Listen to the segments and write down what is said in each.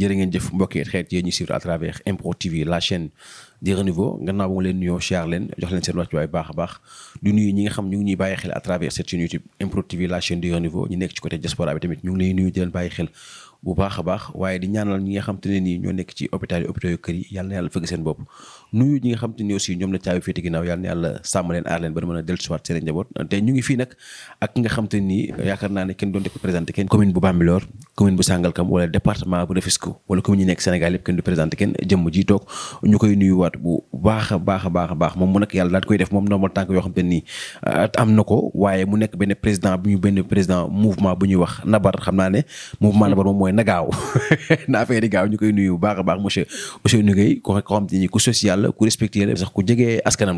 jërë ngeen jëf mbokk yi xeet yéen ñu suivre à travers MPROD TV la chaîne du renouveau gannaaw bu ma leen nuyoo siyaar leen jox leen seen wàccuwaay baax a baax du nuyu ñi nga xam ñu ngi ñu nekk ci côté diaspora bi tamit ñu ngi lay nuyu di leen bàyyi xel bu a ñi nga xam te ne nii ñoo nekk ci hôpital yi hôpital yu kër yi yàlla na yàlla fëgg seen bopp nuyu ñi nga xam te ne aussi ñoom la caabi féete ginnaaw yàlla na yàlla sàmm leen aar leen ba mën a dellusiwaat seen njaboot te ñu ngi fii nag ak nga xam te nii yaakaar naa ne kenn doon def commune bu Sangalkam wala département bu Rufisque wala commune yi nekk Sénégal yëpp kenn du présenté kenn jëmm ji toog ñu koy nuyuwaat bu baax a baax a baax a baax moom mu nag yàlla daal koy def moom normal tànk yoo xam ah, na ko waaye mu nekk benn président bu ñu benn président mouvement bu ñuy wax Nabar xam naa ne mouvement Nabar moom mooy nagaaw naa fee di ñu koy nuyu bu baax a baax monsieur monsieur Ngueye ko xam te ni ku social la ku respecté la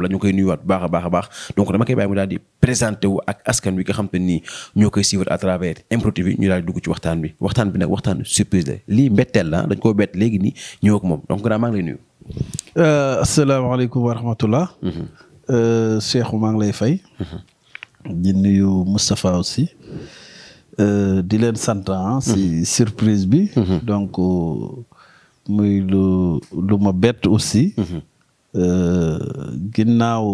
ñu koy nuyuwaat bu baax a baax a baax donc dama koy bàyyi mu daal di présenté wu ak askan wi ko xam te nii ñoo koy suivre à travers MPROD TV ñu daal dugg ci waxtaan wi waxtaan bi nag waxtaan surprise la lii mbetteel la dañ koo bett léegi nii ñëw ak moom donc grand maa ngi lay nuyu. Euh, asalaamaaleykum wa rahmatullah. Mhm. Euh, Cheikh maa ngi lay fay. Mhm. di nuyu Moustapha aussi. Euh, di leen sant ah, mhm. si surprise bi. donc muy lu lu ma bett aussi. ginnaaw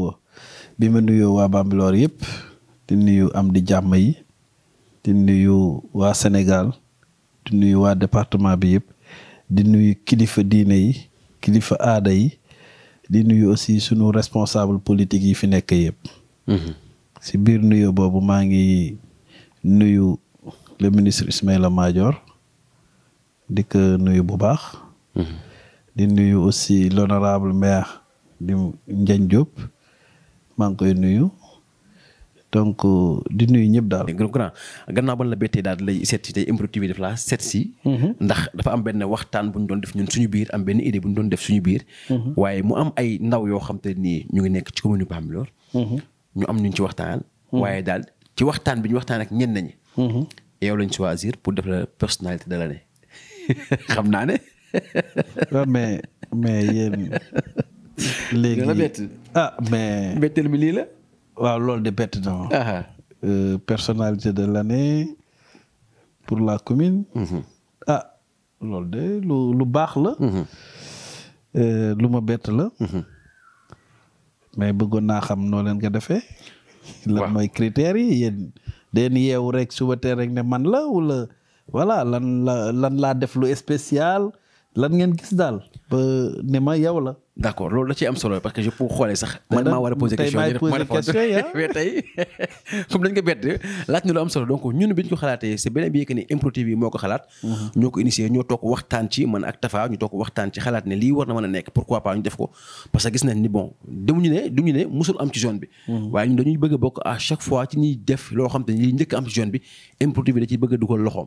bi ma nuyoo waa Bambilor yëpp. di nuyu am di jàmm yi. di nuyu waa Sénégal. di nuyu waa département bi yëpp di nuyu kilifa diine yi kilifa aada yi di nuyu aussi sunu responsable politique yi fi nekk yëpp. Mhm. si biir nuyu boobu maa ngi nuyu le ministre Ismaïla Madior di ko nuyu bu baax. Mhm. di nuyu aussi l'honorable maire di Ndiagne Diop maa ngi koy nuyu. donc euh, di nuyu ñëpp daal. grand gannaaw ba la bettee daal lay seet si tey impromptu bi def laa seet mhm. ndax dafa am benn waxtaan bu ñu doon def ñun suñu biir am benn idée bu ñu doon def suñu biir. Mhm. waaye mu am ay ndaw yoo xam te nii ñu ngi nekk ci commune Bambilor. Mhm. ñu am ñu ci waxtaan. waaye daal ci waxtaan bi ñu waxtaan ak ñenn ñi. yow lañ choisir pour def la personnalité de l'année xam naa ne. waaw mais mais yéen. léegi ah mais. mbetteel mi lii la. waaw loolu de bett na ma. Euh, personnalité de la l'année pour la commune. Mhm. ah loolu de lu lu baax la. Mhm. Euh, lu ma bett la. Mhm. mais bëggoon naa xam noo leen ko defee. lan mooy critères yi yéen. den yeewu rek suba teel rek ne man la wala voilà lan la lan laa def lu spécial. lan ngeen gis daal ba ne ma yow la. d' loolu da ciy am solo parce que je pour xoolee sax. man maa war a poser question ah. tey na lu am solo donc xalaatee c' est beneen bi que moo ko xalaat. Uh-huh. ñoo ko initié ñoo toog waxtaan ci man ak Tafa ñu toog ne lii war na mën a nekk pourquoi pas ñu def ko. parce que gis nañ ni bon demuñu bi. Uh-huh. waaye ñun dañuy bëgg bokk chaque fois ci ñuy def loo xam te ni njëkk am ci zone bi MPROD TV da ciy bëgg a dugal loxoom.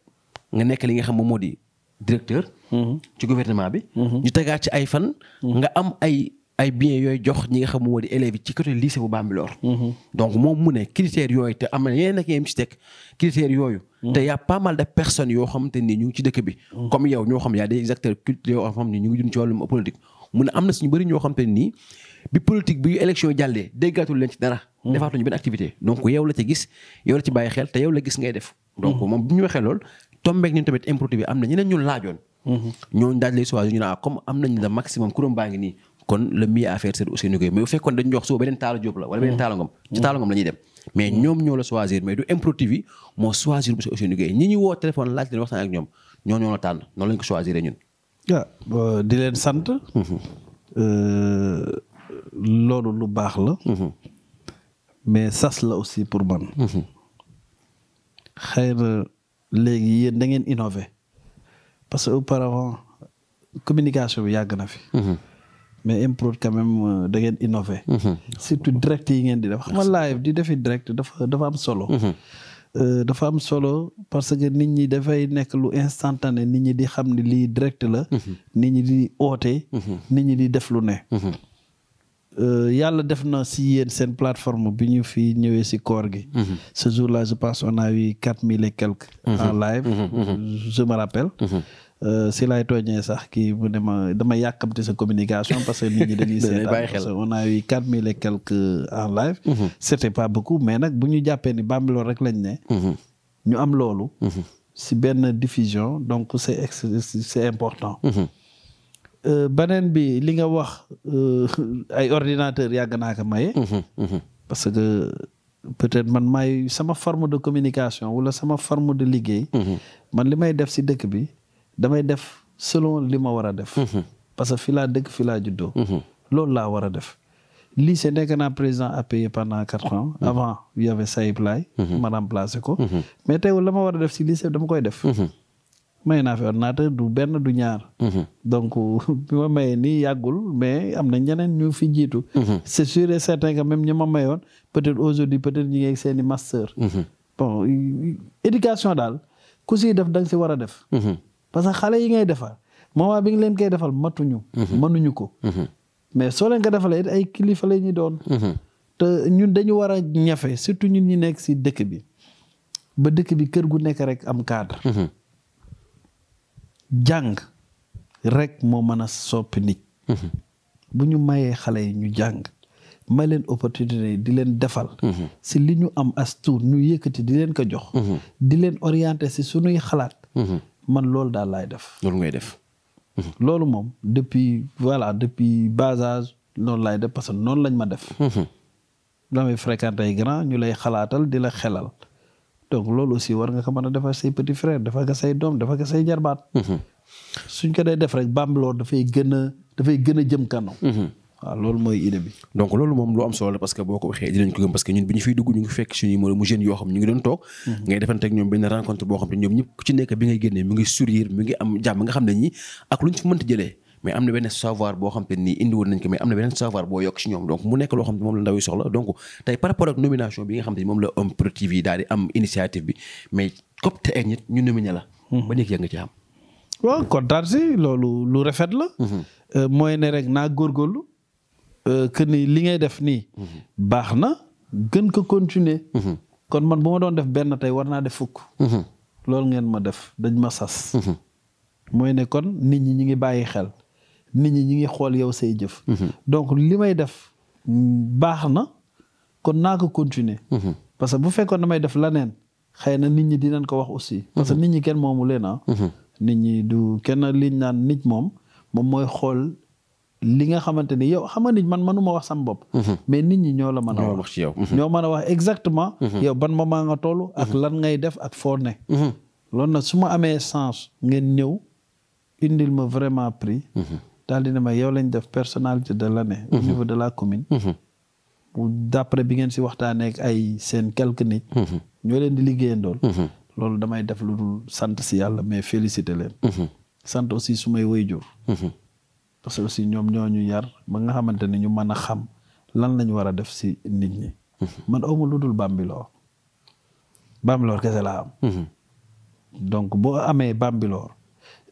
nga nekk li nga xam moom moo di directeur. Mhm. ci gouvernement bi. Mhm. ñu tegaat ci ay fan. Mhm. nga am ay ay bien yooyu jox ñi nga xam moom moo di élèves yi ci côté lycée bu Bambilor. donc moom mu ne critères yooyu te am na yeneen ak yéen ci teg critères yooyu. te y' a pas mal de personnes yoo xamante ni ñu ngi ci dëkk bi. comme yow ñoo xam y' a des acteurs culturels yoo xam ne ñu ngi dund ci wàllum politique. mu ne am na suñu bëri ñoo xamante ne bi politique bi élection yi jàllee déggaatul leen ci dara. defaatuñu benn activité donc yow la ci gis yow la ci bàyyi xel te yow la gis ngay def. donc moom bu ñu waxee lool tombeek ñun tamit improté am na ñeneen ñu laajoon. Mhm. ñooñu daal lay choisir ñu ne ah comme am nañ la maximum kuréel baa ngi nii kon le mieux à faire c'est Ousseynou Gueye mais bu fekkoon dañu jox suba beneen Talla Diop la wala beneen Talla Ngom ci mhm. Talla Ngom la ñuy dem mais mhm. ñoom ñoo la choisir mais du Impro moo choisir monsieur Ousseynou Gueye ñi ñu woo téléphone laaj leen waxtaan ak ñoom ñoo ñoo la tànn noonu lañ ko choisir ñun di leen sant euh, loolu lu baax léegi yéen da ngeen innover parce que auparavant communication bi yàgg na fi. Mhm. mais impro quand même euh, da ngeen innover mhm. surtout direct yi ngeen di def xam live di defi direct dafa dafa am solo. Mhm. Euh, dafa am solo parce que nit ñi dafay nekk lu instantané nit ñi di xam ni lii direct la. nit ñi di oote. nit ñi di def lu ne. Euh, yàlla def na si yéen sen plateforme bi ñu fi ñëwé ci koor gi. Mhm. ce jour-là je pense on a eu 4000 et quelques. en mhm. live. Mhm. je me rappelle. c'est euh, laay tooñee sax ki mu dama dama yàkkamte sa communication parce que nit ñi dañuy seetaan on a eu 4000 et quelques en live. c'était pas beaucoup mais nak bu ñu jàppee ni Bambilor rek lañ né ñu am loolu. si ben diffusion donc c'est c'est important. Euh, beneen bi li nga wax euh, ay ordinateur yàgg naa ko maye. Mhm, mhm. parce que peut-être man maay sama forme de communication wala sama forme de liggéey. Mhm. man li may def si dëkk bi damay def selon li ma war a def. parce que fi laa dëkk fi laa juddoo. loolu laa war a def. lycée nekk naa président APE pendant quatre ah. ans. avant y avait Saïb Laye. ma remplacé ko. mais tey la ma war a def si lycée dama koy def. may naa fi naata du benn du ñaar. Mhm. donc bi ma mayee nii yàggul mais am na ñeneen ñu fi jiitu. Mhm. c' est sûr certain que même ñi ma mayoon peut être aujourd'hui peut être ñi ngi ak seen mhm. i master. éducation daal ku siy def da si war a def. parce que xale yi ngay defar moment bi nga leen koy defal matuñu. mënuñu ko. mais soo leen ko defalee ay kilifa la ñuy doon. te ñun dañu war a ñafe surtout ñun ñu nekk si dëkk bi ba dëkk bi kër gu nekk rek am cadre. jàng rek moo mën a soppi nit. Mm-hmm. bu ñu mayee xale yi ñu jàng. may leen opportunité di leen defal. Mm-hmm. si li ñu am as tuut ñu yëkkati di leen ko jox. Mm-hmm. di leen orienté si sunuy xalaat. man loolu daal laay def. loolu ngay def. loolu moom depuis voilà depuis bas âge loolu laay def parce que noonu lañ ma def. damay fréquenté ay grand ñu lay xalaatal di la xelal. donc loolu aussi war nga ko mën a say petit frère defal ko doom defal ko jarbaat. Mm-hmm. suñ ko dee def rek Bambilor dafay gën a dafay gën a jëm kanam. Mm-hmm. waaw loolu mooy idée bi. donc loolu moom lu am solo parce que boo ko waxee dinañ ko gëm parce que ñun bi ñu fiy dugg ñu ngi fekk suñu mu jeunes yoo xam ñu ngi doon toog. Mm-hmm. ngay defante ak ñoom benn rencontre boo xam ne ñoom ñëpp ci nekk bi ngay génnee mu ngi sourire mu ngi am jàmm nga xam ne ñi ak mais am na benn savoir boo xam te nii indi woon nañ ko mais am na beneen savoir boo yokk si ñoom donc mu nekk loo xam te moom la ndaw soxla donc tey par rapport ak nomination bi nga xam te moom la MPROD TV daal di am initiative bi mais COP te nit ñu nominé la. Mhm. ba nekk yëg nga ci am. waaw lu rafet la. Mhm. Euh, mooy ne rek naa góorgóorlu. Euh, que ni li ngay def nii. Mhm. baax na gën ko continuer. kon man bu doon def benn tey war naa def fukk. loolu ngeen ma def dañ ma sas. mooy ne kon nit ñi ñu ngi bàyyi xel. nit ñi ñi ngi xool yow say jëf. Mhm. donc li may def baax na kon naa ko continuer. Mhm. parce que bu fekkoon damay def leneen xëy na nit ñi dinañ ko wax aussi. Mhm. parce que nit ñi kenn moomu leen ah. nit ñi du kenn liñ naan nit moom moom mooy xool. li nga xamante ni yow xam nga nit man mënuma wax sama bopp. mais nit ñi ñoo la mën a wax ci yow. ñoo mën a wax exactement. yow ban moment nga toll. ak lan ngay def ak foo ne. loolu nag su ma amee sens ngeen ñëw indil ma vraiment prix. dal dina ma yow lañ def personnalité de l'année au mhm. niveau de la commune mhm. d'après bi ngeen si waxtaanee ak ay seen quelques nit mhm. ñoo leen di liggéeyandool loolu damay def lu dul sant si yàlla mais féliciter leen sant aussi su may wayjur parce que aussi ñoom ñoo ñu yar ba nga xamante ne ñu mën a xam lan lañ war a def si nit ñi man awma lu dul bambiloo bambiloor kese laa am donc boo amee bambiloor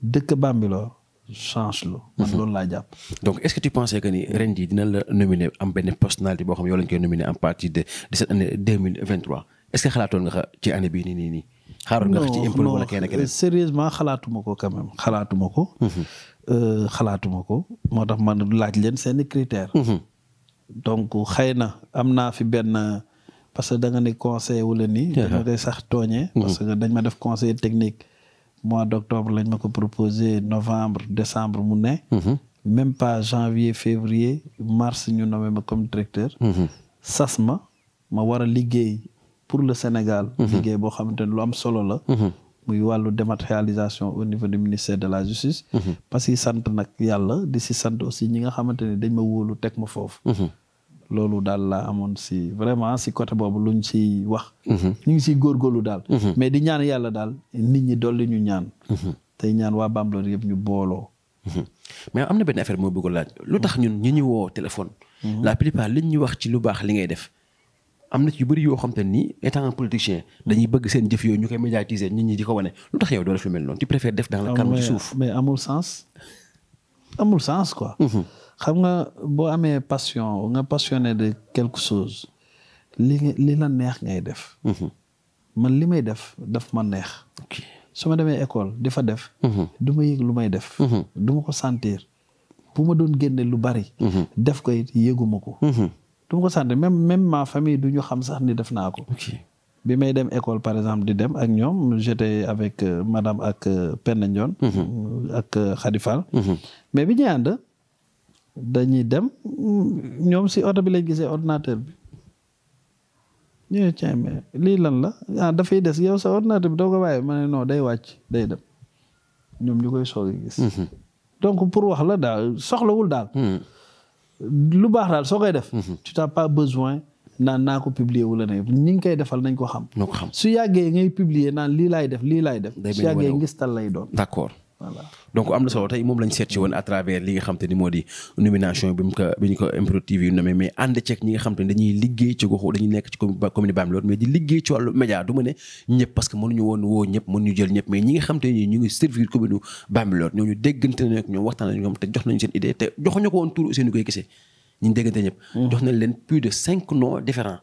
dëkk bambiloor chance la. man mhm. loolu laa jàpp. donc est-ce que tu pensais que ni ren jii dina la nominer am benn personnalité boo xam ne yow lañ koy nominer en partie de de cette année deux mille vingt trois est-ce que xalaatoon nga ci année bii nii nii nii. xaaroon nga ci impôt wala keneen keneen sérieusement xalaatuma ko quand même xalaatuma ko. Mhm. Euh, xalaatuma ko moo tax man laaj leen seeni critères. Mhm. donc xëy na am naa fi benn parce que da nga ni conseil wu la nii. dama koy sax tooñee. parce que dañ ma def conseil technique mois d'octobre je me ma proposé novembre décembre mhm. même pas janvier février mars ñu nommé comme directeur. ça mhm. ma ma je pour le Sénégal. ligué pour faire ne am solo mhm. dématérialisation au niveau du ministère de la justice. parce que sant je suis di aussi ñi nga lolou dal la vraiment si côté luñ si wax. Mhm. ñu ci mhm. mais di ñaan yalla des nit ñi doli ñu ñaan. Mhm. tay ñaan mais amna ben affaire mo ñun téléphone. la plupart liñ ñu wax ci lu bax li ngay def. amna ci ni politicien dañuy bëgg seen jëf yo ñu médiatiser nit tu préfères def dans le ah, calme du mais amul sens amul sens quoi xam nga boo passion passionné de quelque chose li li la neex ngay def mhm. man li may def daf ma neex su ma demee école di fa def mhm. du ma yëg lu may def mhm. du ma ko sentir bu ma doon génne lu bari def ko it yëguma ko du sentir même même ma famille du ñu xam sax ni def naa bi may école par exemple j'étais avec euh, madame ak euh, Penda ak euh, Khady mais bi ñu dañuy dem ñoom si oto bi lañ gisee ordinateur bi ñu ne mais lii lan la ah, dafay des yow sa ordinateur bi doo ko bàyyi ma ne non day wàcc day dem ñoom ñu koy soog a gis. Mm-hmm. donc pour wax la daal soxlawul daal. Mm-hmm. lu baax daal soo koy def. Mm-hmm. tu n'as pas besoin naan naa ko publier wala ne ñi ngi koy defal nañ ko xam. su yàggee ngay publier naan lii laay def lii laay def. su yàggee ngistal lay doon. d'accord donc am na solo tey moom lañ seet si woon à travers li nga xam te ni moo di nomination bi mu ko bi ñu ko MPROD TV nommé mais ànd ceeg ñi nga xam te dañuy liggéey ci goxu dañuy nekk ci commune Bambilor mais di liggéey ci wàllu média du ma ne ñëpp parce que mënuñu woon woo ñëpp mënuñu jël ñëpp mais ñi nga xam te ni ñu ngi servir commune Bambilor ñooñu déggante nañu ak ñoom waxtaan nañu ñoom te jox nañu seen idée te joxuñu ko woon tur aussi ñu koy gisee ñu déggante ñëpp hmm. jox nañ leen plus de cinq noms différents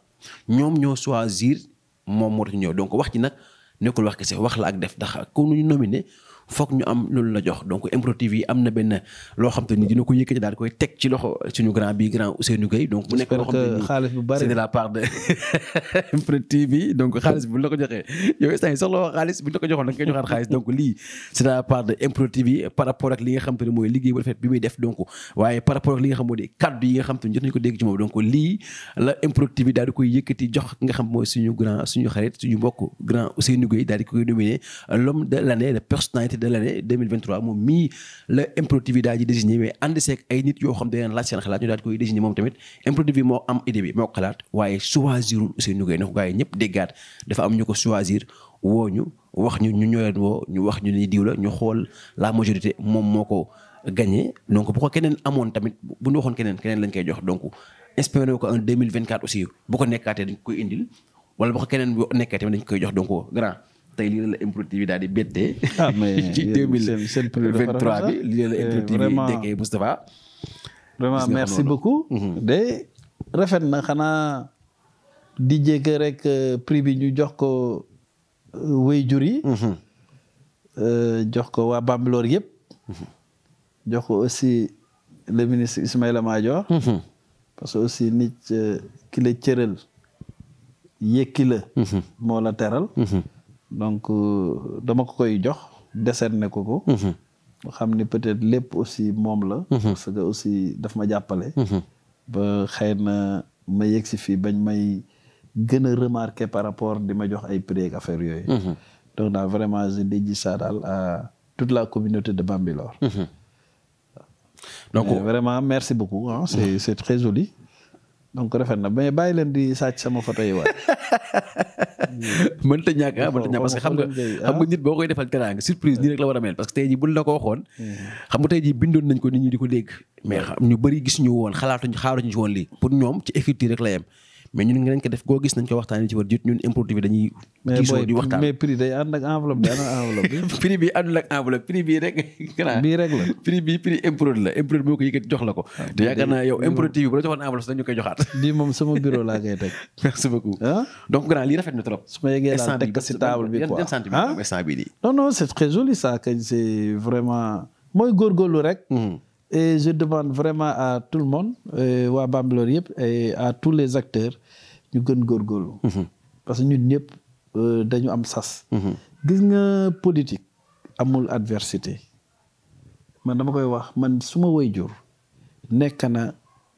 ñoom ñoo choisir moom moo tax ñëw donc wax ci nag nekkul wax kese wax la ak def ndax ko ñu nominé foog ñu am loolu la jox donc MPROD TV am ben lo loo xam te ni dina ko yëkkati dal koy teg ci loxo suñu grand bi grand Ousseynou Gueye donc bu nekk loo xam xaalis c'est de la part de MPROD TV donc xaalis bu la ko joxee yow estay yi soxla bu ñu la ko joxoon da nga joxat joxaat donc li c'est de la part de MPROD TV par rapport ak li nga xam te ne mooy liggéey bu rafet bi muy def donc waaye par rapport ak li nga xam moo di kaddu yi nga xam te ne jot nañu ko dégg ci mom donc li la MPROD TV dal di koy yëkkati jox nga xam moy suñu grand suñu xarit suñu mbokk grand Ousseynou Gueye daal di koy nominer l'homme de l'année de personnalité partir de l'année 2023 moom mii la MPROD TV daal di désigné mais ànd seeg ay nit yo xam dañu la sen xalaat ñu daal di koy désigné mom tamit MPROD mo am idée bi moo ko waye waaye choisirul Ousseynou Gueye na ko gars yi dafa am ñuko choisir woñu wax ñu ñu ñëwee wo ñu wax ñu ni diw la ñu xol la majorité mom moko ko gagné donc pourquoi kenen amone tamit bu ñu waxoon kenen kenen lañ koy jox donc espéré ko en 2024 aussi bu ko nekkaté dañ koy indil wala bu ko kenen bu nekkaté dañ koy jox donc grand tay li la BT yi daal ah mais ci deux bi li la eh, Moustapha. vraiment merci beaucoup. Mhm. de rafet na xana di jégg rek euh, prix bi ñu jox ko euh, waajur yi. Mhm. Euh, jox ko wa bamblor yépp mhm. jox ko aussi le ministre Ismaïla Madior. parce que aussi nit ki la cëral yëkki la. moo la teral donc euh, dama ko koy jox décerné ko ko. Mhm. xam ni peut-être lépp aussi moom la. Mhm. parce que aussi daf ma jàppale. Mhm. ba xëy na ma yegg si fii bañ may gën a remarqué par rapport di ma jox ay prix affaire yooyu. donc daal vraiment je dédie ça daal à toute la communauté de Bambilor. donc vraiment merci beaucoup ah c'est c'est très joli. donc rafet na mais bàyyi leen di sàcc sama photo yi waay. mënta ñàkk ah, mënta ñàkk parce xam nga xam boo koy defal teraanga surprise nii rek la war a mel parce que tey jii buñ la ko waxoon. Mm-hmm. xam nga tey jii bindoon nañ ko nit ñi di ko dégg. mais ñu bëri gis ñu woon xalaatuñ xaaruñu ci woon lii pour ñoom ci écriture rek la yem. mais ñun ngi nañ ko def koo gis nañ ko waxtaanee ci war jut ñun improductif dañuy. diisoo di waxtaan mais prix day ànd ak enveloppe bi ànd ak enveloppe prix bi àndul ak la prix bii prix improd la jox la ko. Ah, te yaakaar naa yow improductif bi bu la joxoon enveloppe dañu koy joxaat. lii moom sama bureau laa koy teg. Ah? na trop. su ma yeggee daal teg ko si table bi quoi ah? instant bi non non c'est très joli ça que c'est vraiment mooy góorgóorlu rek. Mm-hmm. Et je demande vraiment à tout le monde, à et à tous les acteurs, ñu gën mhm. parce que ñun euh, dañu am mhm. nga politique amul adversité man dama koy wax man na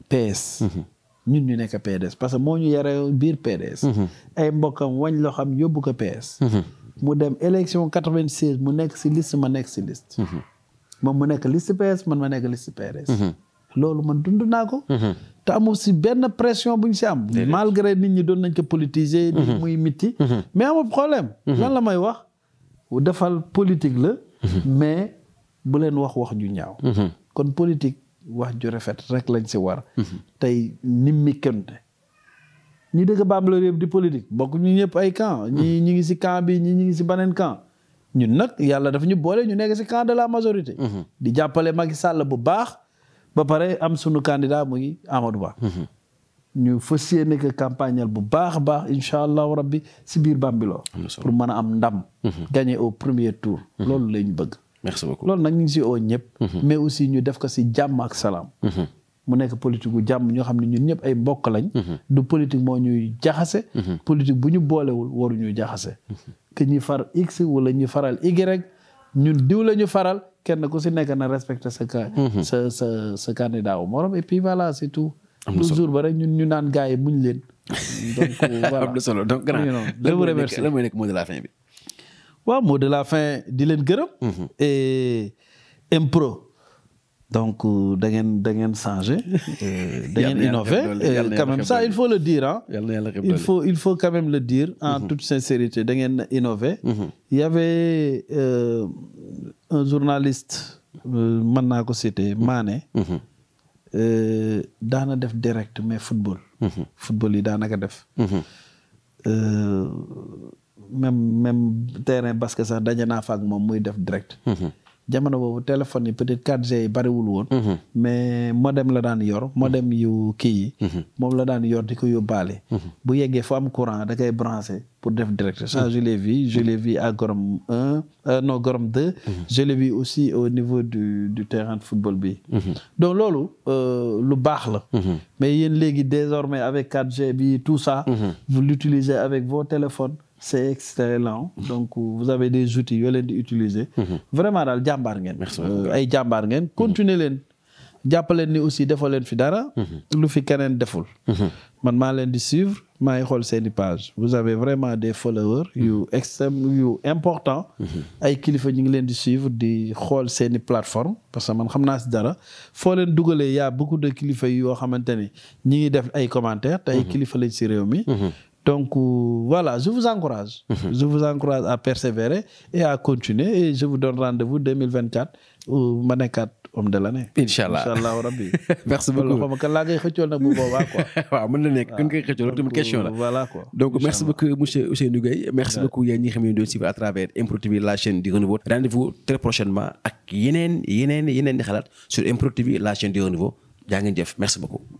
PS. Mhm. ñun ñu parce que ay xam PS. mu dem élection 96 mu liste ma moom mu nekk liste PS man ma nekk liste PRS. Mhm. loolu man dund naa ko. Mhm. te amul si benn pression bu ñu si am. malgré nit ñi doon nañ ko politiser. Mhm. nit muy miti. mais amul problème. lan la may wax defal politique la. mais bu leen wax wax ju ñaaw. kon politique wax ju rafet rek lañ si war. tey nimmi kente ñi dëkk Bambilor yëpp di politique bokk ñu ñëpp ay camp ñi ñi ngi si camp bi ñi ñi ngi si beneen camp. ñun nag yàlla def ñu boole ñu nekk si camp de la majorité. Mhm. di jàppale mag Sall bu baax. ba pare am sunu candidat muy Amadou Ba. Mhm. ñu fas yéene que campagne bu baax a baax incha allahu rabbi si biir Bambilor. pour mën am ndam. Mhm. gagné au premier tour. loolu la bëgg. loolu nag ñu ngi si oo ñëpp. mais aussi ñu def ko si jàmm ak salaam. mu nekk politique gu jàmm ñoo xam ne ñun ñëpp ay mbokk lañ. Mhm. du politique moo ñuy jaxase. Mhm. politique bu ñu boolewul waruñu jaxase. Mhm. que ñi far x wala ñi faral y ñun diw la ñu faral kenn ku si nekk na respecte sa sa sa sa candidat wu morom et puis voilà c'est tout. toujours ba rek ñun ñu naan gars yi muñ leen. donc voilà am na solo donc grand la mu remercié la mooy nekk mot la fin bi. waaw mot la fin di leen gërëm. et impro. donc euh, da ngeen da ngeen changé. Euh, da euh, quand même ça il faut le dire Hein? il faut il faut quand même le dire en mhm. toute sincérité da ngeen innové. Mhm. il y avait un journaliste mën naa ko citer mhm. Mané. daana def direct mais football. football yi daanaka def. même même terrain basket ça daje naa fa ak moom muy def direct jamono bobu téléphone yi peut-être 4G yi bariwul won mhm. mais modem la daan yor. modem mhm. yu kii yi. Mhm. moom la daan yor diko yobale bu yegge fo am courant da kay brancher pour def direct. ça je l'ai vu je l'ai vu à Gorom 1 euh, non Gorom 2. je l'ai vu aussi au niveau du du terrain de football bi. donc euh, lu baax la. mais yéen léegi désormais avec 4G bi tout ça. vous l'utilisez avec vos téléphones c'est excellent donc vous avez des outils vous vous di utiliser. Mhm. vraiment daal jàmbaar vous euh, ay jàmbaar ngeen mhm. Continuez-le. jàppaleen aussi fi dara. Mhm. lu fi deful. man suivre page vous avez vraiment des followers you importants. important. ay les ngi suivre di plateforme parce que man sais que y a beaucoup de clients qui ñi ngi def ay commentaires les donc euh, voilà, je vous encourage. Mhm. Je vous encourage à persévérer et à continuer. Et je vous donne rendez-vous 2024 au Manekat homme de l'année. Inch'Allah. Inch'Allah, Rabbi. merci beaucoup. Voilà quoi. Donc merci beaucoup, monsieur, monsieur Merci beaucoup, Yannick Rémi à travers Impro TV, la chaîne du renouveau. Rendez-vous très prochainement avec Yenen, Yenen, Yenen Khalat sur Impro TV, la chaîne du renouveau. Merci beaucoup.